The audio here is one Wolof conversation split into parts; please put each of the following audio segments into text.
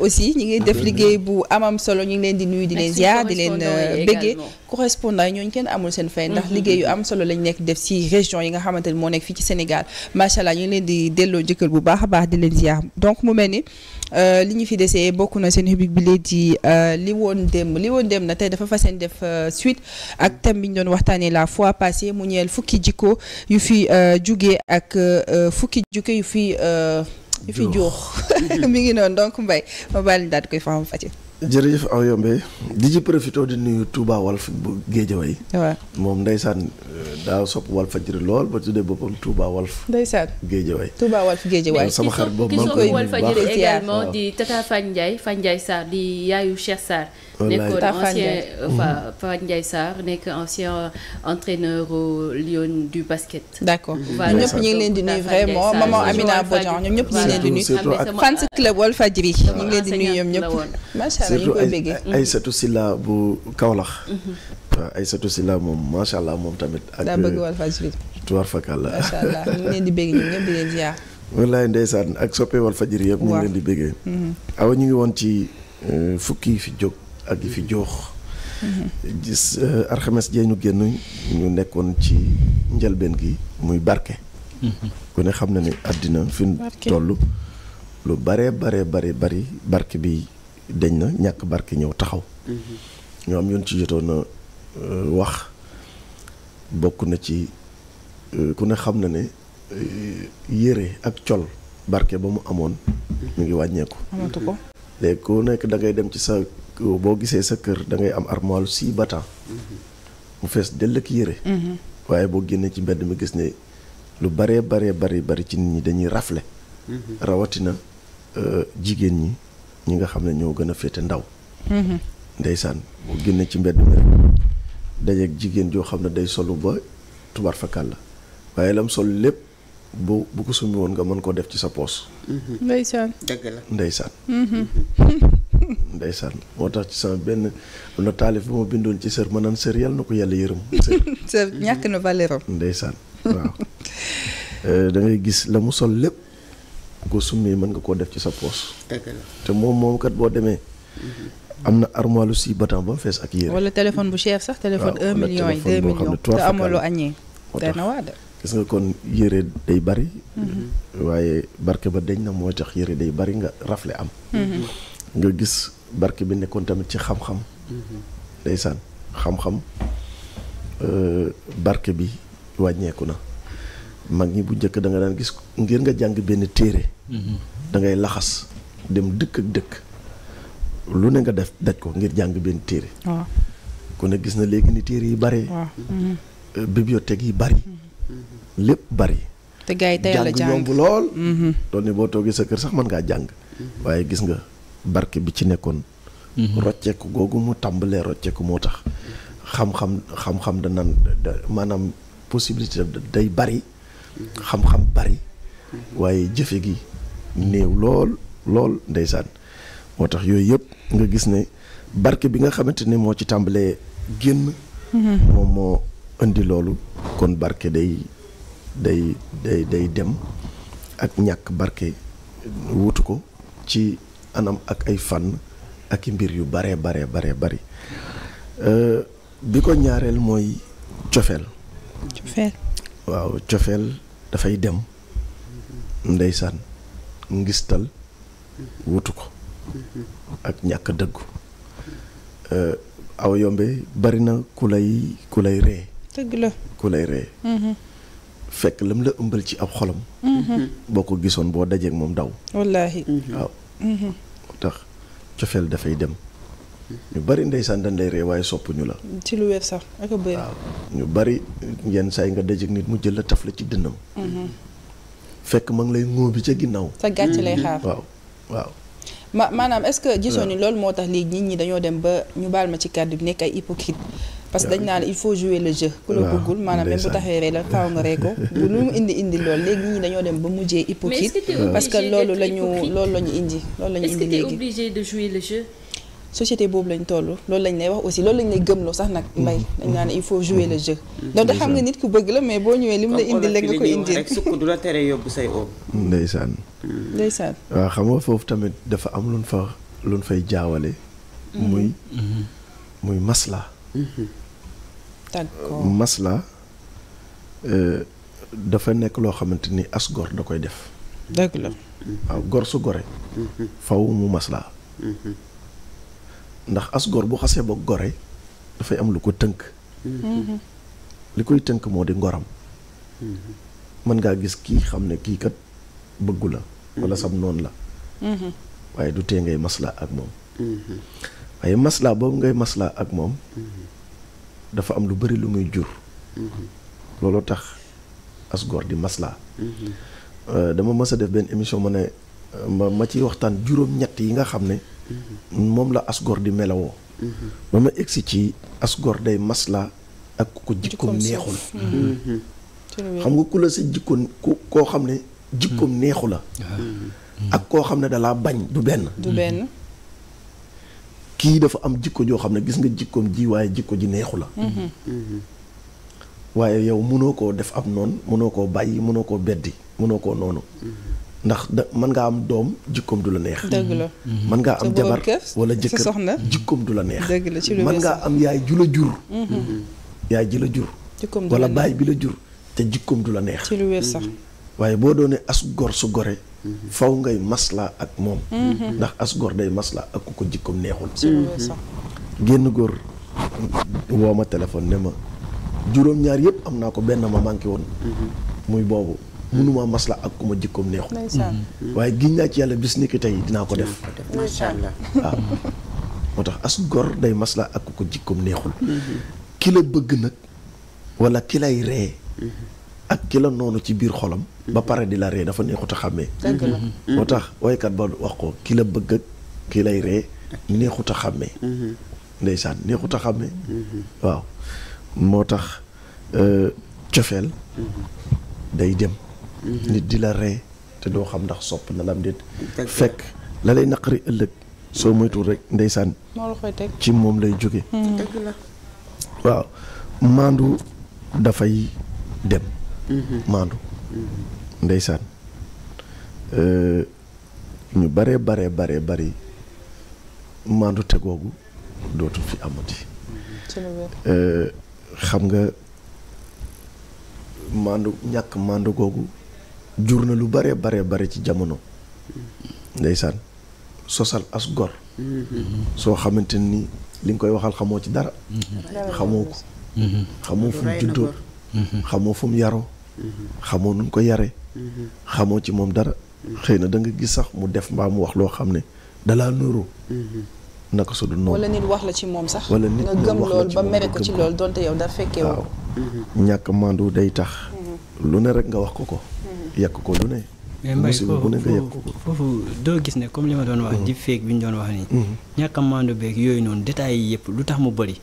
aussi ñi ngi def liggéey bu amam solo ñu ngi leen di nuyu di leen ziar di leen euh, bëggee correspondant yi ñooñ kenn amul seen fay ndax mm-hmm. liggéey yu am solo lañ nekk def ci région yi nga xamante ni moo nekk fii ci Sénégal macha allah ñu ngi leen di delloo njëkkal bu baax a baax di leen ziar donc mu mel ni euh, li ñu fi desee bokk na seen rubrique bi lee di euh, li woon démb li woon dem na tey dafa fa seen def suite ak thème bi ñu doon waxtaanee la fois passée mu ñeel fukki jikko yu fi jugee ak fukki jikko yu fi di fi juux mi ngi noonu donc Mbaye ma baal ñu daal di koy faram fàcce. jërëjëf aw yombe di ci profité di nuyu Touba Walf bu Géejawaay. waaw moom ndeysaan euh, daa sopp Walfadjri lool ba tuddee boppam Touba Walf. ndeysaan Géejawaay. Touba Walf Géejawaay sama xarit boobu maa ngi koy Walfadjri également di Tata Fane Ndiaye Fane Ndiaye Sarr di yaayu Cheikh Sarr. nekkoon ancien euh, Fane mhm. Ndiaye Sarr nekk ancien entraîneur au Lion du basket. d'accord ñoom ñëpp ñu ngi leen di nuyu vraiment maman Amina Bodian ñoom ñëpp ñu leen di nuyu. fans club Walfadjri ñu leen di nuyu ñoom ñëpp. macha allah ñu koy béggee surtout ay Aïssatou Silla bu mhm. moom macha allah moom tamit. ak daa bëgg Walfadjri. Euh, tuwaar fakal la ñu leen di bégg wallaay ndeysaan ak soppe Walfadjri yëpp. ñu leen di béggee. Mhm. awa ñu ngi woon ci euh, fukki fi jóg ak yi fi mm-hmm. joox mm-hmm. gis euh, alxames jee ñu génn ñu nekkoon ci njëlbeen gi muy barke mm-hmm. ku ne xam na ni àddina fi mu toll lu bare bare bare bari barke bi deñ na ñàkk barke ñëw taxaw ñoo am yoon ci jotoon a euh, wax bokk na ci euh, ku ne xam na ne yére ak col barke ba mu amoon mu ngi wàññeeku amatu ko léegi ku nekk da dem ci sa boo gisee sa kër da ngay am armoire six battant mm-hmm. mu fees dell ak yére mm-hmm. waaye boo génnee ci mbedd mi gis ne lu baree baree bari bari ci nit ñi dañuy rafle mm-hmm. rawatina euh, jigéen ñi ñi nga xam ne ñoo gën a féete ndaw ndeysaan boo génnee ci mbedd mi rek dajeeg jigéen joo xam ne day solu ba tubar la waaye lam sol lépp bu bu ko summi nga mën ko def ci sa poos ndeysaan dëgg ndeysaan ndeysaan moo tax ci sama benn la taalif bu ma bindoon ci sër ma naan sër yàlla na ko yàlla yërëm. sër ñàkk na valeur ndeysaan waaw. Euh, da gis la mu sol lépp ko summi mën nga koo def ci sa poos. te moom moom kat boo demee. Mhm. am na armoire si batan ba mu fees ak yére. wala téléphone bu cher sax téléphone. un million yi deux millions te amuloo añee. dana waada gis nga kon yére day bari. Mhm. waaye barke ba deñ na moo tax yére day bari nga rafle am. Mhm. nga gis barke bi nekkoon tamit ci xam-xam mm-hmm. ndeysaan xam-xam euh, barke bi wàññeeku na mag ñi bu njëkk danga nga daan gis ngir nga jàng benn téere mm-hmm. dangay laxas dem dëkk ak dëkk lu ne nga def daj ko ngir jàng benn téere ku ne gis na léegi ni téere yi bare euh, bibliothèque yi bari mm-hmm. lépp bari te gars yi tey la jàng yomb lool doon ne boo toogee sa kër sax mën ngaa jàng waaye gis nga barke bi ci nekkoon mhm. rocceeku googu mu tàmbalee rocceeku moo tax xam-xam xam-xam danaan maanaam possibilité day bari xam-xam bari waaye jëfe gi néew lool lool ndeysaan moo tax yooyu yëpp nga gis ne barke bi nga xamante ni moo ci tàmbalee génn mhm. moom moo indi loolu kon barke day day day day dem ak ñàkk barke wutu ko ci anam ak ay fan ak mbir yu baree baree baree euh, bari bi ko ñaareel mooy cofeel waaw cofeel dafay dem ndeysaan ngistal wutu ko ak ñàkk dëggu euh, aw yombe bari na ku lay ku lay ree dëgg la ku mm-hmm. lam la ëmbal ci ab xolam mm-hmm. boo ko gisoon boo dajeek moom daw wallaahi waaw tax cofeel dafay dem ñu bari ndeysaan dañ ree waaye soppuñu la ci lu wér sax ak bëri ñu bari yenn saa yi nga dajeg nit mu jël la taf la ci dënnam mm-hmm. fekk ma ngi lay ngóobi ca ginnaaw sa gàcc lay mm-hmm. xaar waaw waaw ma maanaam est-ce que gisoo ni loolu moo tax léegi nit ñi dañoo dem ba ñu baal ma ci kàdd bi nekk ay hypocrite parce que dañ naan il faut jouer le jeu ku la bëggul maanaam même bu taxee ree la faaw nga ree ko lu mu indi indi lool léegi ñi dañoo dem ba mujjee hypocrite parce que loolu la ñu loolu la ñu indi loolu la ñu indi léegi obligé de jouer le boobu lañ toll loolu lañ lay wax aussi loolu lañ lay gëmloo sax nag mm-hmm. mbay dañ naan il faut jouer le mm-hmm. xam nga nit ku bëgg la mais boo ñëwee li mu la ko indi rek sukk du la tere yóbbu say oom ndeysaan mm. ndeysaan waaw xam nga foofu tamit dafa am luñ fa luñ fay jaawale mm-hmm. muy muy masla d'accord masla euh, dafa nekk loo xamante ni as gor da koy def. dëgg la. waaw ah, gor su gore. faw mu maslaa. ndax as gor bu xasee ba gore dafay am lu ko tënk. li koy tënk moo di ngoram. mën ngaa gis kii xam ne kii kat bëggu la. wala sam noonu la. waaye du tee ngay maslaa ak moom. waaye maslaa boobu ngay maslaa ak moom. dafa am lu bari lu muy jur mm-hmm. looloo tax as di maslaa mm-hmm. euh, dama mës a def benn émission ma ne ma ma ciy waxtaan juróom-ñett yi nga xam ne mm-hmm. moom la as di melawoo ba ma egsi ci as day maslaa ak ku ko jikkoom neexul xam nga ku la sa jikkoon ku koo xam ne jikkoom neexu la ak koo xam ne dalaa bañ du du benn kii dafa am jikko joo xam ne gis nga jikkoom ji waaye jikko ji neexu la mhm. Mhm. waaye yow mënoo koo def ab noon mënoo koo bàyyi mënoo koo beddi mënoo koo noonu mhm. ndax da mën nga am doom jikkoom du la neex dëgg la mën ngaa am jabar wala jëkkër soxna jikkoom du la neex dëgg la ci lu ngaa am yaay ju la jur yaay ju la jur wala baay bi la jur te jikkoom du la neex sax waaye boo doonee as gor su gore faw ngay maslaa ak moom mhm. ndax as gor day maslaa ak ku ko jikkoom neexul mhm. mm-hmm. génn góor woo ma téléphone ne ma juróom ñaar yëpp am naa ko benn ma manqué woon mm-hmm. muy boobu mënuma masla ak ku ma jikkoom neexu mm-hmm. waaye giñ naa ci yàlla bis ni tey dinaa ko def macha allah ah. moo tax as gor day masla ak ku ko jikkoom neexul ki la bëgg nag wala ki lay ree ak ki noonu ci biir xolam. ba pare di la ree dafa neexut a xàmmee. Mhm. moo tax waykat ba wax ko ki bëgg ak ki lay ree neexut a xàmmee. Mhm. ndeysaan neexut a xàmmee. Mhm. waaw moo tax euh, cofeel day dem. nit di la ree te doo xam ndax sopp na lam déet fekk la lay naqari ëllëg soo moytuwul rek ndeysaan ci moom lay jóge waaw maandu dafay dem maandu ndeysaan euh, ñu bare bare bare bari maandu te googu dootu fi amati euh, xam nga maandu ñàkk maandu googu jur na lu bare bare bari ci jamono ndeysaan sosal as gor soo xamante ni li nga koy waxal xamoo ci dara mm-hmm. xamoo ko xamoo fu mu juddoo mm-hmm. xamoo fu mu yaroo xamoo nuñ ko yare xamoo ci moom dara xëy na da nga gis sax mu def mbaa mu wax loo xam ne dalaa nuru naka su dul noonu wax la ci moom sax wala nit nga gëm lool ba mere ko ci lool donte yow da fekkee waaw ñàkk mandu day tax lu ne rek nga wax ko ko yàq ko lu ne mais mbay foofu foofu doo gis ne comme li ma doon wax mm-hmm. di feek bi ñu doon wax nii mm-hmm. ñàkk a maandu yooyu noonu détails yi yëpp lu tax mu bari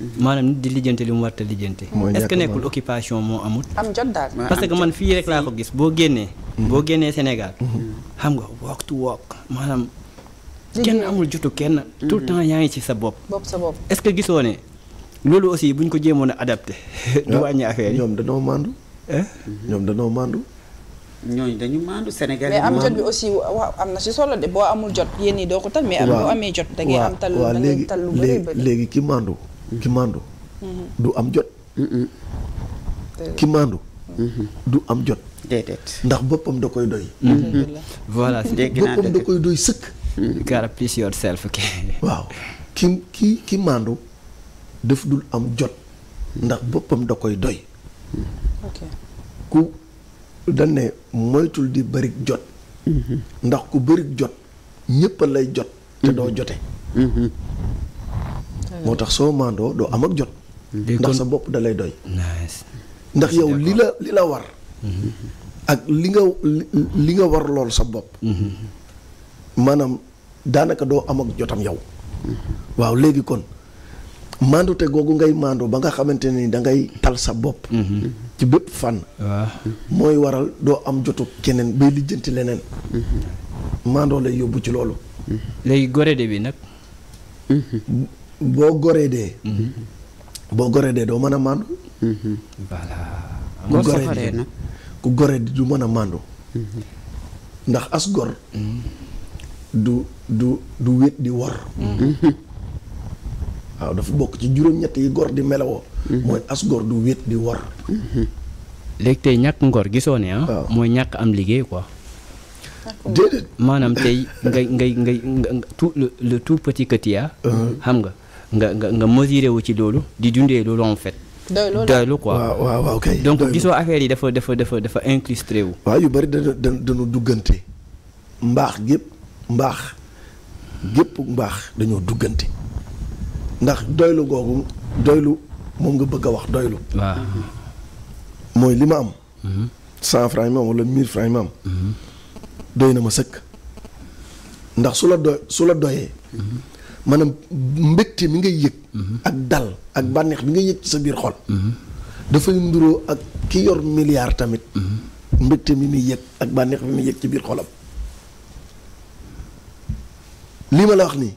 maanaam nit di lijjanti li mu warta lijjanti est-ce que nekkul occupation moo amul am jot daal parce que man fii rek laa ko gis boo génnee mm-hmm. boo génnee Sénégal mm-hmm. xam nga walk to walk maanaam kenn amul jotu kenn mm-hmm. tout le temps yaa ngi ci sa bopp est-ce que gisoo ne loolu aussi buñ ko jéemoon a adapté du ah, wàññi affaire yi ñoom danoo mandu ñoom danoo mandu ñooñu dañu maandu Sénégal mais am jot bi aussi waaw am na si solo de boo amul jot yéen ñi doo ko tal mais am boo amee jot da ngay am tal da ngay tal léegi léegi ki ki màndu mm-hmm. du am jot mm-hmm. ki màndu mm-hmm. du am jot déedéet ndax boppam da koy doy voilà koy doy sëkk gotta please yourself ok waaw ki ki ki màndu dul am jot ndax boppam da koy doy ku dañ moytul di bëri jot ndax ku bëri jot ñëpp lay jot te doo jote moo tax soo maandoo doo am ak jot. ndax sa bopp dalay doy. ndax yow li la li la war. Mm-hmm. ak li nga li nga war lool sa bopp. Mm-hmm. maanaam daanaka doo am ak jotam yow. waaw léegi kon maandute googu ngay maandoo ba nga xamante ni dangay tal sa bopp. Mm-hmm. ci bépp fànn. Ah. mooy waral doo am jotu keneen bay lijjanti leneen. maandoo lay yóbbu ci loolu. léegi gorede bi nag. boo goree dee. boo goree dee doo mën a màndu. voilà. ku goree di ku goree di du mën a màndu. ndax as gor. du du du di wor. waaw dafa bokk ci juróom-ñett yi gor di melawoo. mooy as gor du wét di wor. léegi tey ñàkk ngor gisoo ne ah, mooy ñàkk am liggéey quoi. déedéet maanaam tey ngay ngay ngay tout le tout uh-huh. xam nga. nga nga nga mesuré wu ci loolu di dundee loolu en fait. doylu quoi donc gisoo affaire yi dafa dafa dafa dafa incrusté wu. waaw yu bari dana dañu duggante mbaax gépp mbaax gépp mbaax dañoo duggante ndax doylu googu doylu moom nga bëgg a wax doylu. waaw mooy li ma am. Mm-hmm. cent franc yi ma am mm-hmm. doy na ma sëkk ndax su la doy su la doyee. Mm-hmm. maanaam mbégte mi ngay yëg. Mhm. ak dal ak mhm. bànneex bi ngay yëg ci sa biir xol. Mhm. dafay nduroo ak ki yor milliard tamit. mbégte mi muy yëg ak bànneex bi muy yëg ci biir xolam. lii ma la wax nii.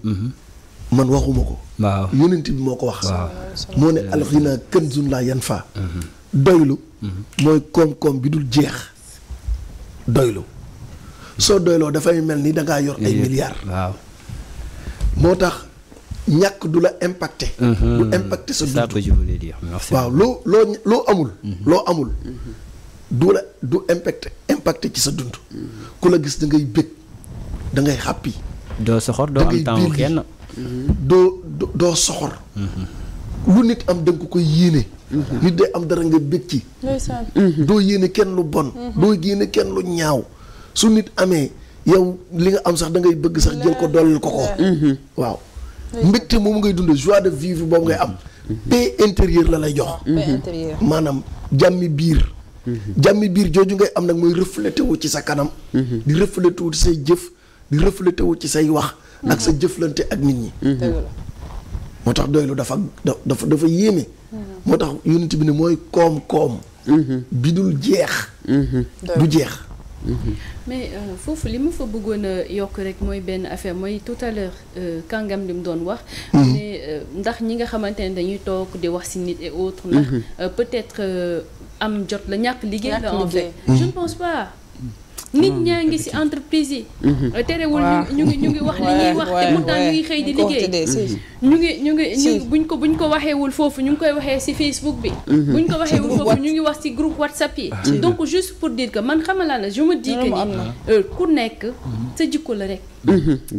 man waxuma ko. waaw bi moo ko wax. waaw moo ne alxinaa kanzun laa yanfaa. doylu. mooy koom-koom bi dul jeex. doylu soo doyloo dafay mel ni da yor ay milliards. moo tax ñàkk du la impacté mhm. du impacté sa dund waaw loo loo loo amul mhm. loo amul du la du impacté impacte ci sa dund ku la gis da ngay bég da ngay xàppi doo soxor doo am temps kenn mhm. doo doo soxor lu nit am da ko koy yéene nit day am dara nga bég ci doo yéene kenn lu bon doo yéene kenn lu ñaaw su nit amee yow li nga am sax da ngay bëgg sax jël ko dooleel ko ko. Mhm. waaw mbégte moom ngay dund joie de vivre boobu ngay am. Mhm. paix intérieure la lay jox. Mhm. maanaam jàmmi biir. jàmmi biir jooju ngay am nag mooy reflété wu ci sa kanam. di reflété wu ci say jëf di reflété ci say wax. ak sa jëflante ak nit ñi. moo tax doylu dafa dafa dafa yéeme. moo tax yonent bi ne mooy koom-koom. bi dul jeex. du jeex. mais euh, foofu li ma fa bëggoon a yokk rek mooy benn affaire mooy tout euh, kàngam li mu doon wax. Mhm. mais euh, ndax ñi nga xamante ne dañuy toog di wax ci nit et autres. ndax mhm. peut-être am jot la ñàkk liggéey la en fait. je ne mhm. nit ñaa hmm. ngi ci entreprise yi. Hmm. terewul ñu ngi ñu ngi wax li ñuy wax te pourtant ñu ngi xëy di liggéey. Hmm. ñu ngi ñu ngi ñu buñ ko buñ ko waxeewul foofu ñu ngi koy waxee ci Facebook bi. buñ ko waxeewul foofu ñu ngi wax ci groupe WhatsApp yi. donc juste pour dire que man xamalaa la je me dis que ni euh, ku nekk sa jikko la rek.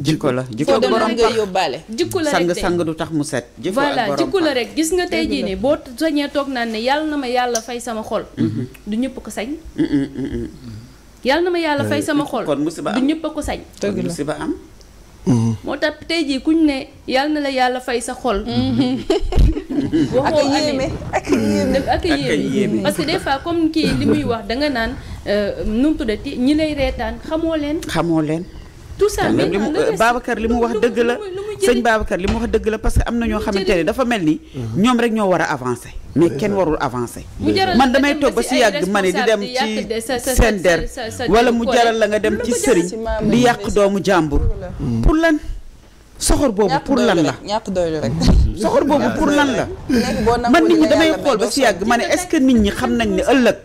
jikko la jikko borom nga yóbbaale jikko la rek sang sang du tax mu set voilà jikko la rek gis nga tey jii nii boo sañee toog naan ne yàlla na ma yàlla fay sama xol du ñëpp ko sañ yàlla na ma yàlla fay euh, sama xol. kon musiba am du ñëpp a ko sañ. dëgg musiba am. Mm-hmm. moo tax tey jii kuñ ne yàlla na la yàlla fay sa xol. Mm-hmm. ak ak a yéeme ak a yéeme parce que des fois comme kii li muy wax danga naan euh, nu mu tuddati ñi lay reetaan xamoo leen. xamoo leen. tout ça euh, mais Babacar li mu wax dëgg la sëñ Babacar li mu wax dëgg la parce am na ñoo xamante ne dafa mel ni mhm. ñoom rek ñoo war a avancer mais kenn warul avancer man damay toog ba si yàgg ma ne di dem ci mu jaral la nga dem ci sëriñ di yàq doomu jàmbur mm. pour lan soxor boobu la ñàkk doylu rek soxor pour lan la man nit ñi damay xool ba si yàgg ma ne est-ce que nit ñi xam nañ ne ëllëg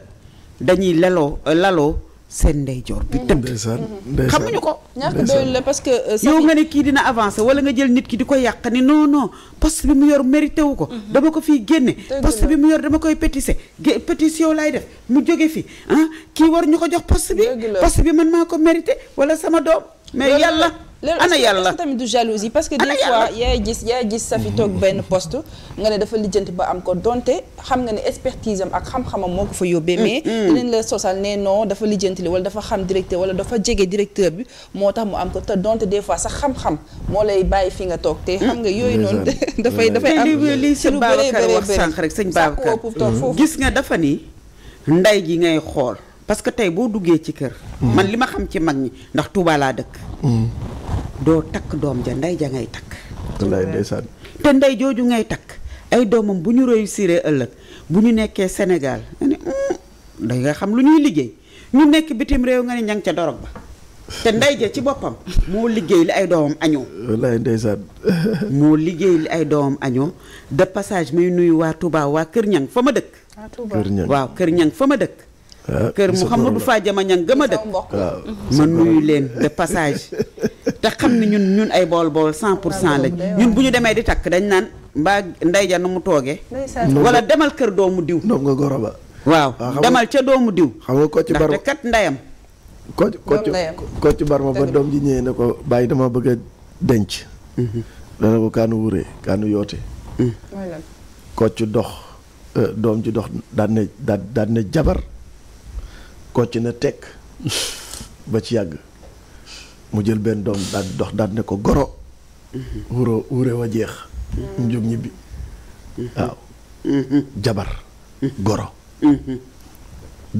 dañuy leloo euh, laloo seen ndeyjoor bi tënk. ndeysaan mhm. ndeysaan xamuñu ko. ñàkk la parce que. Euh, yow nga ne kii dina avancé wala nga jël nit ki di ko yàq ni non non poste bi mu yor mérité wu ko. Mhm. dama ko fiy génne. poste bi mu yor dama koy pétissé gé pétition lay def mu jóge fi ah, kii war ñu ko jox poste bi. poste bi man maa ko mérité wala sama doom. mais yàlla. ana yàlla tamit du jalousie parce que des fois yaay gis yaay gis sa fi toog benn poste nga ne dafa lijjanti ba am ko donte xam nga ne expertise am ak xam-xamam moo ko fa yóbbee mais mm, mm. dinañ la sosal ne non dafa lijjanti li wala dafa xam directeur wala dafa jege directeur bi moo tax mu am ko te donte des fois sax xam-xam moo lay bàyyi fi nga toog te mm. xam nga yooyu noonu dafay dafay am li sëñ Babacar wax sànq rek sëñ Babacar gis nga dafa ni nday ji ngay xool parce que tey boo duggee ci kër man li ma xam ci mag ñi ndax Touba laa dëkk doo takk doom ja ndey ja ngay takk. wallaay te ndey jooju ngay takk ay doomam bu ñu réussir ëllëg bu ñu nekkee Sénégal nga ne mm, da nga xam lu ñuy liggéey ñu nekk bitim réew nga ne ña ca dorog ba te ndey ja ci boppam moo liggéey li ay doomam añoo. wallaay ndeysaan. moo liggéey li ay doomam añoo de passage may nuyu waa Touba waa Kër Ñang fa ma dëkk. waaw Kër ñan fa ma dëkk. kër xam du Mouhamadou Fadiama Niang gëm a dëkk ma nuyu leen de passage te xam ne ñun ñun ay bool bool cent pour cent lañ ñun bu ñu demee di takk dañ naan mbaa ndey ja nu mu toogee wala demal kër doomu diw ndox nga goro ba waaw demal ca doomu diw xam nga ko ci bar ndaxte ndeyam ko ko ci bar ba doom ji ñëwee ne ko bàyyi dama bëgg denc mhm. dana kaanu wuree kaanu yoote mhm. kocc dox euh, doom ji dox daan ne jabar kocc na tekk ba ci yàgg mu jël benn doom daal dox daal ne ko goro wuro wure wa jeex ñu mm-hmm. jóg ñibbi mm-hmm. waaw mm-hmm. jabar goro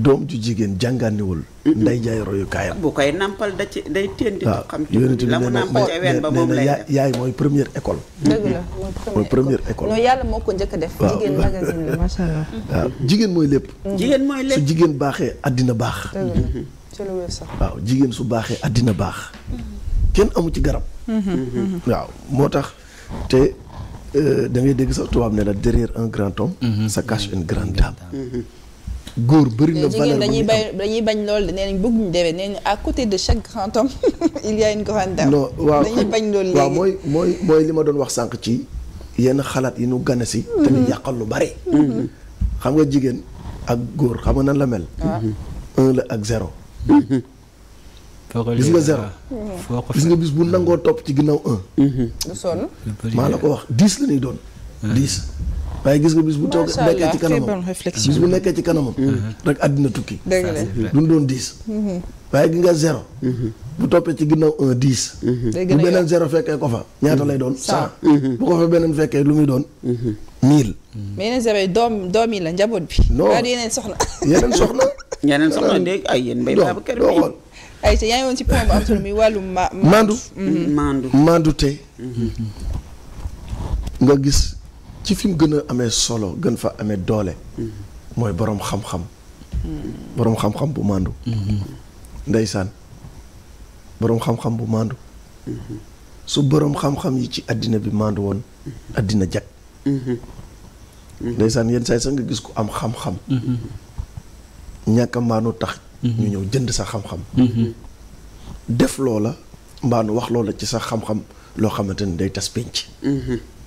doom ju jigéen jàngaaniwul. nday jaay royukaayam. bu koy nampal da ci day tënd. xam ci la mu nampal ca ween ba moom lay def yaay mooy première école. dëgg mooy première école. non yàlla moo ko njëkk a def. jigéen mooy lépp. Mm-hmm. jigéen mooy lépp su jigéen baaxee àddina baax. dëgg mm-hmm. waaw jigéen su baaxee àddina baax. Mm-hmm. kenn amu ci garab. waaw moo tax te euh, da dégg sax tubaab ne derrière un grand homme. se cache une grande dame. góor bari na valeur dañuy bay dañuy bañ loolu nee nañ bëgguñu nee nañ à côté de chaque grand homme a une grande bañ loolu léegi waaw mooy li ma doon wax sànq ci yenn xalaat yi ñu gane mhm. lu bari. Mhm. xam nga jigéen ak góor xam nga nan la mel. Ah. un la ak zéro. Mhm. gis nga zéro gis nga bis bu nangoo topp ci ginnaaw un. maa la ko wax dix la ñuy doon ah. dix. waaye gis nga bis bu toog nekkee ci kanamam bis bu nekkee ci kanamam mm-hmm. rek àddina tukki duñ doon dix mm-hmm. waaye gi nga zéro mm-hmm. bu toppee ci ginnaaw un dix bu beneen zéro fekkee ko fa ñaata lay doon cent bu ko fa beneen fekkee lu muy doon mille mais yeneen zéro yi doom doom yi la njaboot bi non yeneen soxna yeneen soxna yeneen soxna dégg ay yéen mbay Babacar doo xool ay sa yaa ngi woon ci point bu am solo mi wàllu ma mandu mandu te ci fi mu gën a amee solo gën fa amee doole mooy boroom xam-xam boroom xam-xam bu màndu ndeysaan boroom xam-xam bu màndu su boroom xam-xam yi ci àddina bi màndu woon àddina jag ndeysaan yenn saay sax nga gis ku am xam-xam ñàkk mbaanu tax ñu ñëw jënd sa xam-xam def loola mbaanu wax loola ci sa xam-xam loo xamante ni day tas pénc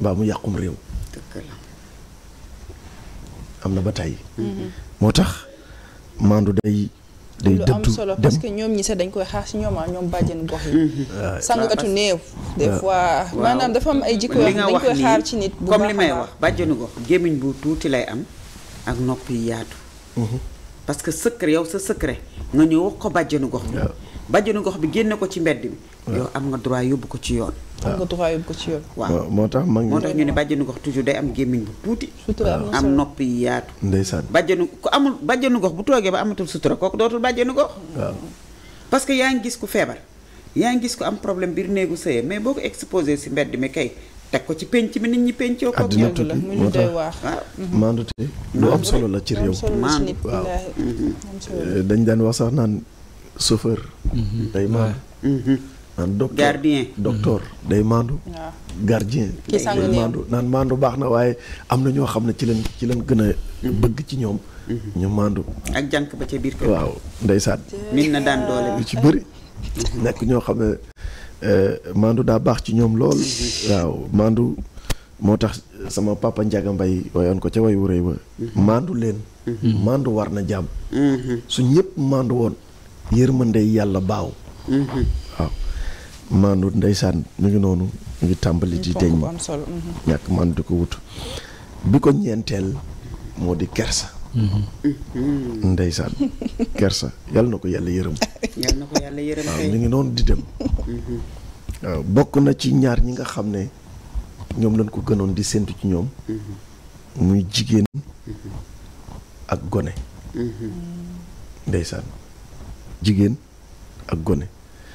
mbaa mu yàqum réew am na ba tey. Mm-hmm. moo tax maandu day. day dëddu dem lu am solo parce que ñoom ñi sax dañ koy xaar si ñoom ah ñoom bàjjen gox yi. Mm-hmm. Ah, sangatu néew. des ah. maanaam dafa am ay jikko dañ koy xaar ci nit. bu comme li may wax bàjjenu gémmiñ bu tuuti lay am ak nopp yu yaatu. Mm-hmm. parce que secret yow sa secret nga ñëw wax ko bàjjenu gox. bàjjenu gox bi génne ko ci mbedd mi. yow am nga droit yóbbu ko ci yoon. am ko waaw moo tax mag moo tax ñu ne bàjjenu gox toujours day am gémmiñ bu tuuti. am nopp yi yaatu. ndeysaan bàjjenu ku amul bàjjenu gox bu toogee ba amatul sutura kooku dootul bàjjenu gox. waaw parce que yaa ngi gis ku feebar. yaa ngi gis ko am problème biir néegu sëye mais boo ko exposé si mbedd mi kay teg ko ci penc mi nit ñi pencoo ko addina tukki moo tax mm-hmm. maandute lu am solo la ci réew waaw eh, dañ daan wax sax naan chauffeur. Mhm. day maandu. Mhm. naan docteur mhm. day maandu. gardien day maandu naan maandu baax na waaye am na ñoo xam ne ci leen ci leen gën a bëgg ci ñoom. ñu maandu. ak jànk ba biir waaw ndeysaan. min na ci bëri. nekk ñoo xam ne euh, maandu daa baax ci ñoom lool. waaw maandu moo tax sama papa Ndiaga Mbaye ko ca way wu rëy ba. maandu leen. maandu war na jàmm. su ñëpp maandu woon. yërmande yàlla baaw. Mhm. waaw maandu ndeysaan mi ngi noonu mi ngi tàmbali di deñ ma mhm. ñàkk man di ko wut bi ko ñeenteel moo di kersa. Mhm. ndeysaan kersa yàlla na ko yàlla yërëm. waaw mi ngi noonu di dem. waaw bokk na ci ñaar ñi nga xam ne ñoom lañ ko gënoon di séntu ci ñoom. muy jigéen. ak gone. ndeysaan. jigéen ak gone.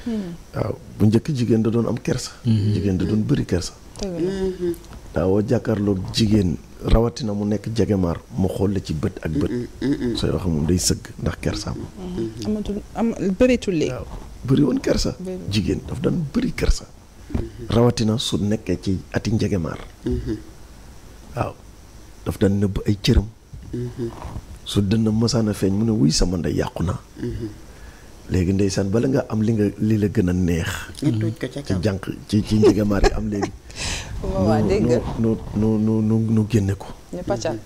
Hmm. waaw bu njëkk jigéen da doon am kersa. Hmm. jigéen da doon bëri kersa. Hmm. daawoo jàkkaarloog jigéen rawatina mu nekk jegemaar mu xool la ci bët ak bët. sooy wax moom day sëgg ndax kersaam. amatul am bëreetul kersa. jigéen daf daan bëri kersa. rawatina su nekkee ci ati njegemaar. waaw daf daan nëbb ay cëram. su dënn mësaan a feeñ mu ne wuy sama ndey yàqu léegi ndeysaan bala nga am li nga li la gën a neex. ci jànq ci ci njëgamaar yi am léegi. waaw dégg nga nu nu nu nu nu génne ko. ñu pàccal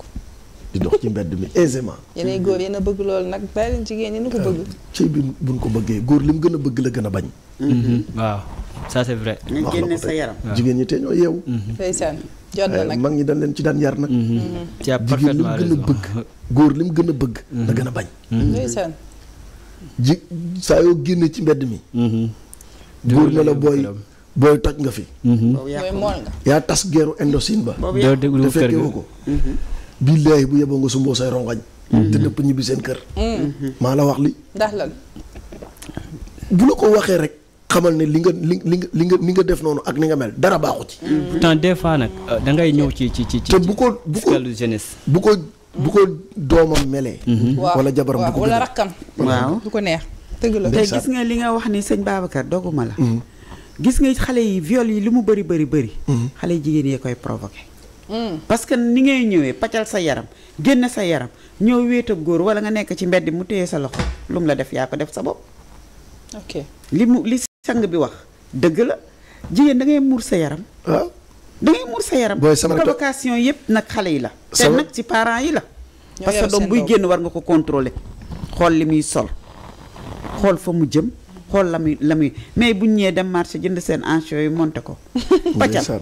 di dox ci mbedd mi aisément. yeneen góor yéen a bëgg loolu nag bàyyi leen jigéen ñi nu ko euh, bëgg. ci bi buñ ko bëggee góor li mu gën a bëgg la gën a bañ. Mm-hmm. Mm-hmm. waaw ça c'est vrai. nañ jigéen ñi te ñoo yeewu. Mm-hmm. ndeysaan jot na nag ñi dañ leen ci daan yar nag. jigéen a bëgg. góor li mu gën a bëgg. la gën a bañ. ndeysaan ji saa yoo génne ci mbedd mi. góor mm-hmm. na la booy booy nga fi. Mm-hmm. yaa tas geeru Indochine ba. te fekke woo ko. Mm-hmm. billaay bu yeboo nga sumboo say rongañ. te dëpp ñibbi seen kër. maa la wax li ndax lan. bu la ko waxee rek. xamal ni li nga li nga li nga li nga def noonu ak ni nga mel dara baaxu ci. pourtant des fois nag. Euh, da ñëw ci ci ci ci. te bu ko bu ko bu ko. bu ko doomam melee. Mhm. wala jabaram bu ko wala waaw ko neex. dëgg la te gis nga li nga wax ni sëñ Babacar doguma la. Mhm. gis nga xale yi viole yi li mu bëri bari bëri. Mhm. xale jigéen yee koy provoqué. parce que ni ngay ñëwee paccal sa yaram génn sa yaram ñëw wéet góor wala nga nekk ci mbedd mu téye sa loxo lu la def yaa ko def sa bopp. li mu li sang bi wax dëgg la jigéen da ngay muur sa yaram. Ah. da ngay muur sa yaram. booy sama provocation yëpp nag xale yi la. te nag ci parent yi la. parce que buy génn war nga ko contrôler. xool li muy sol xool fa mu jëm. xool la muy la muy mais buñ ñëwee dem marché jënd seen ancho yi monté ko. paccal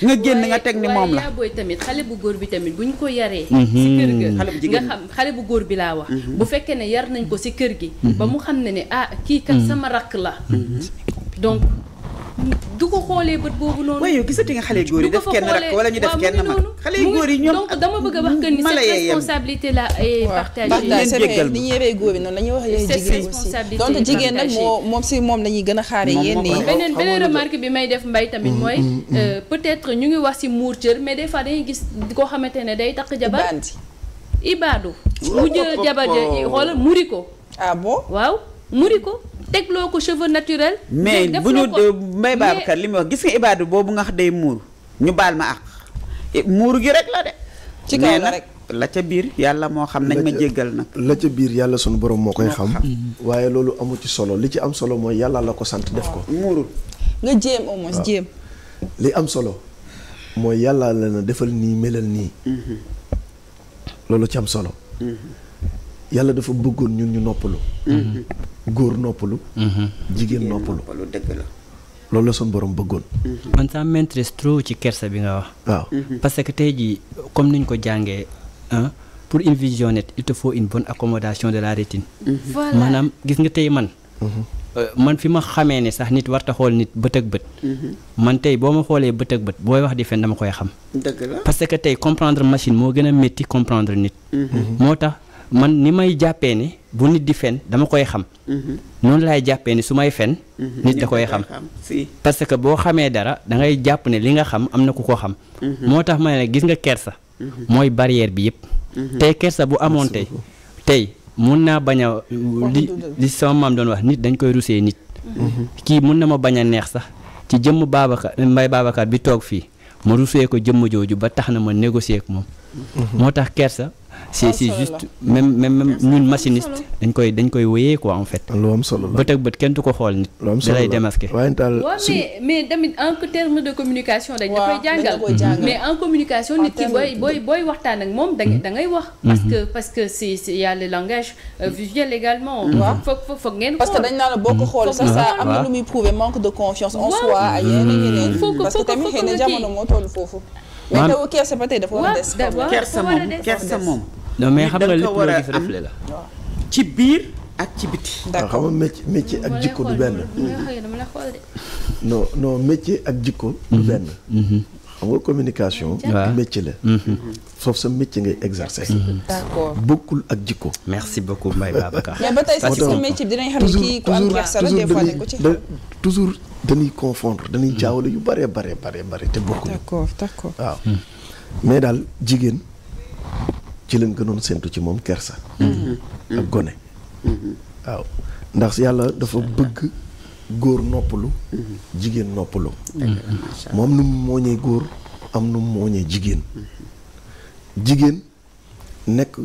nga génn nga teg ni moom la waaye tamit xale bu góor bi tamit bu ñu ko yaree. si mhm. kër ga xale bu jigéen nga xam xale bu góor bi laa wax. Mhm. bu fekkee ne yar nañ ko si kër gi. Mhm. ba mu xam ne ni ah kii kat sama rakk la du ko xoolee bët boobu noonu. waaye yow gisati nga xale góor yi def kenn rakk wala ñu def kenn mag xale góor yi ñoom donc dama bëgg a wax que ni cette responsabilité là est partagée. ni ñu yoree góor yi noonu la ñuy wax yéen jigéen aussi donc jigéen nag moo moom si moom la ñuy gën a xaare yéen nii. beneen beneen remarque bi may def mbay tamit mm, mooy. Mm, mm, euh, peut-être ñu ngi wax si muur cër mais des fois dañuy gis koo xamante ne day takk jabar ibaadu mu jël jabar ja xoolal muri ko. ah bon waaw muri ko. tegloo ko cheveux naturel. mais bu ñu may Babacar li muy wax gis nga ibaadu boobu nga xam day muur ñu baal ma ak eh, muur gi rek la de. ci kaw la rek la ca biir yàlla moo xam nañ ma jéggal nag la ca biir yàlla suñu borom moo koy xam waaye loolu amul ci solo li ci am solo mooy yàlla la ko sant def ko muurul nga jéem au moins jéem li am solo mooy yàlla la na defal nii melal nii mhm. loolu ci am solo mhm. yàlla dafa bëggoon ñun ñu noppalu. Mm-hmm. góor noppalu. Mm-hmm. jigéen noppalu dëgg la. loolu la suñu borom bëggoon. Mm-hmm. man ça m'intéresse trop ci kersa bi nga wax. waaw parce que tey jii comme niñ ko jàngee pour une vision nette il te faut une bonne accommodation de la rétine. voilà maanaam gis nga tey man. Euh, man fi ma xamee ne sax nit war ta xool nit bët ak bët. man tey boo ma xoolee bët ak bët booy wax di fen dama koy xam. dëgg tey comprendre machine moo gën a métti comprendre nit. moo tax. man ni may jàppee ne bu nit di fen dama koy xam mhm. noonu laay jàppee ne su may fen mhm. nit da koy xam parce que boo xamee dara dangay jàpp ne li nga xam am na ku ko xam mhm. moo tax ma ne gis nga kersa mooy barrière bi yëpp tey kersa bu amoon tey tey mun naa bañ a li li sama maam doon wax nit dañ koy rusee nit kii mun na ma bañ a neex sax ci jëmm Babacar Mbaye Babacar bi toog fii ma rusee ko jëmm jooju ba tax na ma négocier ak moom moo tax kersa c'est c'est juste même même même ñun machiniste dañ koy dañ koy wéyee quoi en fait. lu am solo la bët ak bët kenn du ko xool nit. lu am solo démasqué. mais en de communication. dañ da koy jàngal mais en communication nit ki booy booy waxtaan ak moom da da ngay wax. Mm-hmm. parce que parce que c'est c'est y a le langage euh, visuel également. waaw foog foog ngeen xool parce que dañ naan la boo ko mm-hmm. xool sax mm-hmm. ça am na lu muy prouver manque de confiance en soi. ay yeneen yeneen parce que tamit xëy na jamono moo toll foofu. mais taw kersa ba tey dafa war a des. kersa moom kersa moom. non mais xam nga lépp loo gis reflet la ci biir ak ci biti. d'accord ah, xam nga ak jikko du mhm. benn. non ak jikko. du benn. xam nga communication. waaw métier la. Mhm. Mhm. foofu sa métier ngay exercer. d'accord bokkul ak jikko. merci beaucoup Mbaye Babacar. mais ba tey sax si métier bi dinañ xam ne kii ku am la des fois ne ko ci. toujours. dañuy confondre dañuy mm. jaawale yu bëree bare bare bëri te bokkuñu. d'accord d'accord waaw. Mm. mais daal jigéen ci lañ gënoon séntu ci moom kersa. Mm. Mm-hmm. ak gone. Mm-hmm. waaw ndax yàlla dafa mm-hmm. bëgg góor noppalu. jigéen noppalu. moom nu mu mooñee góor am nu mu mooñee jigéen. jigéen nekk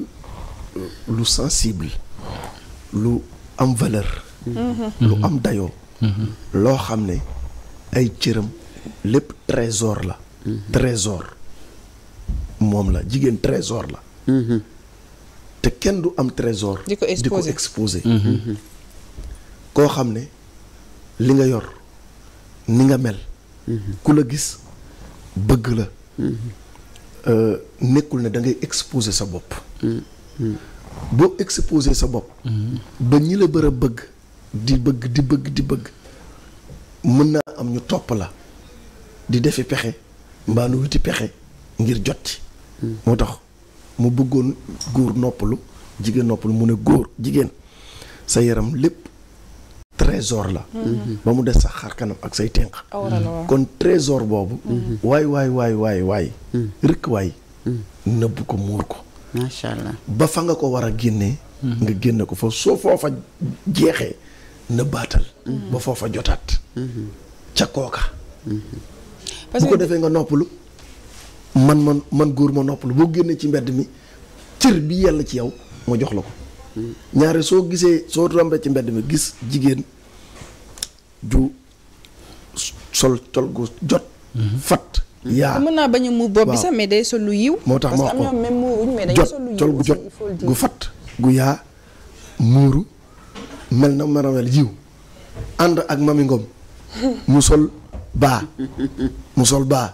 lu sensible lu am valeur. lu am dayoo. loo xam ne ay cëram lépp trésor la trésor moom la jigéen trésor la te kenn du am trésor di ko exposé mm-hmm. koo xam ne li nga yor ni nga mel mm-hmm. ku la gis bëgg la mm-hmm. euh, nekkul ne da ngay exposé sa bopp boo exposé sa bopp ba ñi la bër bëgg di bëgg di bëgg di bëgg mën naa am ñu topp la di defi pexe mbaa nu wuti pexe ngir jot ci. Hmm. moo tax mu bëggoon góor noppalu jigéen noppalu mu ne góor jigéen sa yaram lépp trésor la hmm. ba mu des sax xar kanam ak say tenq kon trésor boobu hmm. waay waay waay waay waay rëkk waay nëbb ko muur ko ba fa nga ko war a génnee nga génne ko fa soo foofa jeexee nëbbaatal. ba foofa jotaat. ca kooka. parce que bu ko defee nga noppalu. man man man góor ma noppalu boo génnee ci mbedd mi cër bi yàlla ci yow ma jox la ko. ñaari soo gisee soo rombee ci mbedd mi gis jigéen ju sol tol gu jot. fat mm-hmm. yaa mën naa bañ a muur bopp bi sax mais day sol lu yiw. moo tax ma wax ko jot tol gu jot gu fat gu yaa mel na ma mel jiw ànd ak mami Ngom mu sol baa mu sol baa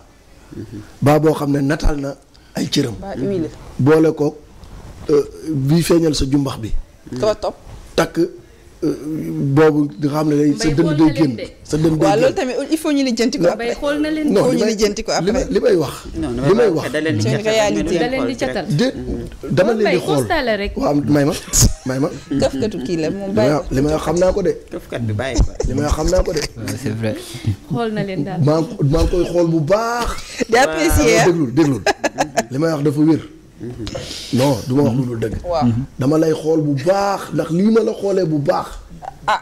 baa boo xam ne nataal na ay cëram boole ko euh, bii feeñal sa jumbax bi. takk. boobu xam ne day sa dënd day génn sa dënd day génn waaw loolu tamit ñu lijjanti ko après leen non ñu lijjanti ko après li may wax li may wax c'est une dama leen di xool waaw may ma may ma këfkatu kii la moom li may wax xam naa ko de këfkat bi bàyyi ko li may wax xam naa ko de c'est vrai maa maa koy xool bu baax di apprécier déglul déglul li may wax dafa wér non du ma wax lu dul dëgg. Mhm. dama lay xool bu baax ndax lii ma la xoolee bu baax. ah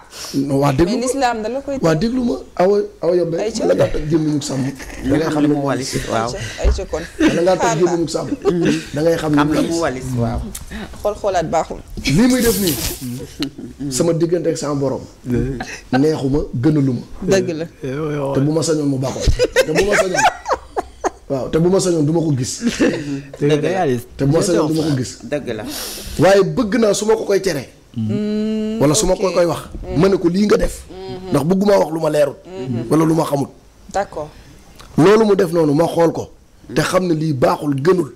waa déglu ma mais lislaam da la déglu ma aw aw yombe la ngaa tag gémmiñu sàmm da ngay xam lu mu walis waaw ay ca kon da ngaa tag gémmiñu sàmm da ngay xam lu mu waaw xool xoolaat baaxul lii muy def nii sama diggante ak sama borom neexuma gënaluma dëgg la te bu ma sañoon mu baaxoo te bu ma sañoon waaw te bu ma sañoon duma ko gis. dëgg la te bu ma ma ko gis. dëgg la waaye bëgg naa su ma ko koy tere. Mm. wala su ma ko koy wax. Mm. ma ne ko lii nga def. Mm-hmm. ndax bëgguma wax lu ma leerul. Mm-hmm. wala lu ma xamul. d'accord loolu mu def noonu ma xool ko. te mm-hmm. xam ne lii baaxul gënul.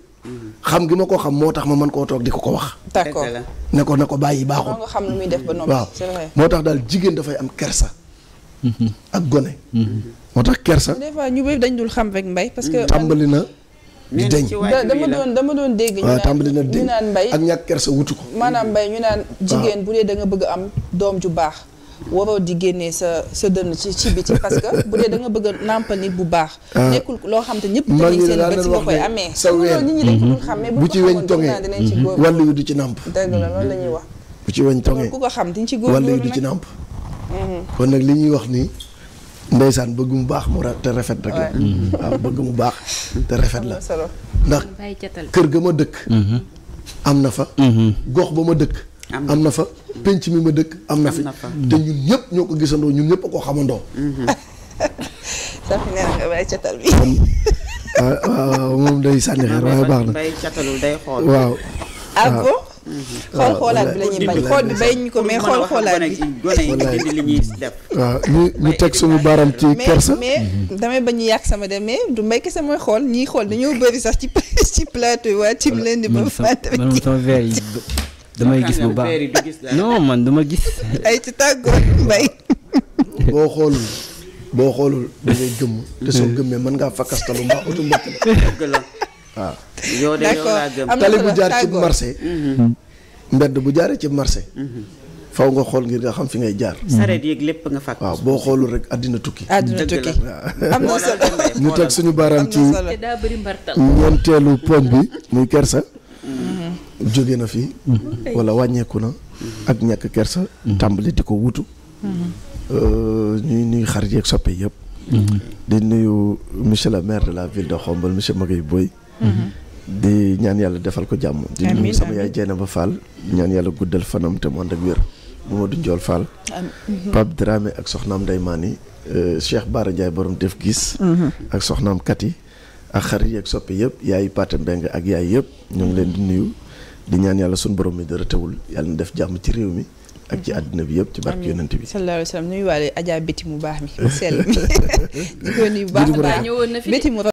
xam gi ma ko xam moo tax ma mën koo toog di ko ko wax. d'accord ne ko ne ko bàyyi baaxul. xam lu muy def ba noppi. waaw moo tax daal jigéen dafay am kersa. ak gone. moo tax kersa. des fois ñu bëri dañ dul xam rek mbay. parce que tàmbali na. di deñ dama doon dama doon dégg. ñu ah, tàmbali na deñ naan mbay ak ña kersa wutu ko. maanaam mbay ñu naan ah. jigéen bu dee danga bëgg am doom ju baax. waroo di génnee sa sa dënn ci ci biti parce que bu dee da nga bëgg a nàmpal nit bu baax. Ah. nekkul loo xam te ñëpp. dañuy seen bët si nga koy amee. sa weer nit ñi dañ ko mhm. dul xam mais bu ci weñ tongee mhm. wàllu yu du ci nàmp. dëgg la ñuy wax. bu ci weñ tongee ku ko xam diñ ci góor wàllu yu du ci nàmp. Mhm. kon nag li ñuy wax nii. ndeysaan bëgg mu baax mu te rafet rek la mm-hmm. waaw bëgg mu baax te rafet la ndax kër ga ma dëkk mm-hmm. am na fa mm-hmm. gox ba ma dëkk am na fa penc mi ma dëkk am na fi te ñun ñëpp ñoo ko gisandoo ñun ñëpp a ko xamandoo safi waaw ah, ah, moom day sànni xeer waaye baax na waaw xool xoolaat bi la bañ xool bi bay ñu ko mais xool xoolaat bi li ñuy def waaw ñu ñu teg suñu baaraam ci kersa mais damay bañ ñu yàq sama dem mais du mbay kese mooy xool ñiy xool dañoo bari sax ci ci yi waa tim leen di ba fàttali ci damay gis bu baax non man duma gis ay ci tàggoor mbay boo xoolul boo xoolul da ngay gëmm te soo gëmmee mën ngaa fakkastalu mbaa oto mbëkk la waaw. Ah. yow de yow laa tali bu jaar ci marché. Mm-hmm. mbedd bu jaaree ci marché. Mm-hmm. faw nga xool ngir nga xam fi ngay jaar. Mm-hmm. lépp nga fàq. waaw boo xoolul rek àddina tukki. àddina tukki ñu teg suñu baaraam ci ñeenteelu poñ bi muy kersa. jóge na fi. wala wàññeeku na. ak ñàkk kersa. tàmbali di ko wutu. Euh, ñuy nuyu xarit yeeg soppe yëpp. di nuyu monsieur le maire de la ville de Khombole monsieur Maguette Boye. Mm-hmm. di ñaan yàlla defal ko jàmm. di nuyu sama yaay Dieynaba Fall. ñaan yàlla guddal fanam te mu ànd ak wér. Mamadou Ndiol Fall. Mm-hmm. Pape Dramé ak soxnaam Ndeye Mani. Euh, Cheikh Bara Ndiaye borom def gis. Mm-hmm. ak soxnaam Kati. ak xar yi ak soppe yëpp yaay Pate Mbengue ak yaay yëpp ñoo ngi leen di nuyu. di ñaan yàlla sunu borom mi dara tawul yàlla na def jàmm ci réew mi. ak ci àddina bi yëpp ci barke yonent bi sallallahu alayhi wa sallam nuyu waale Adja Béti mu baax mi sell mi ñu ko nuyu bu baa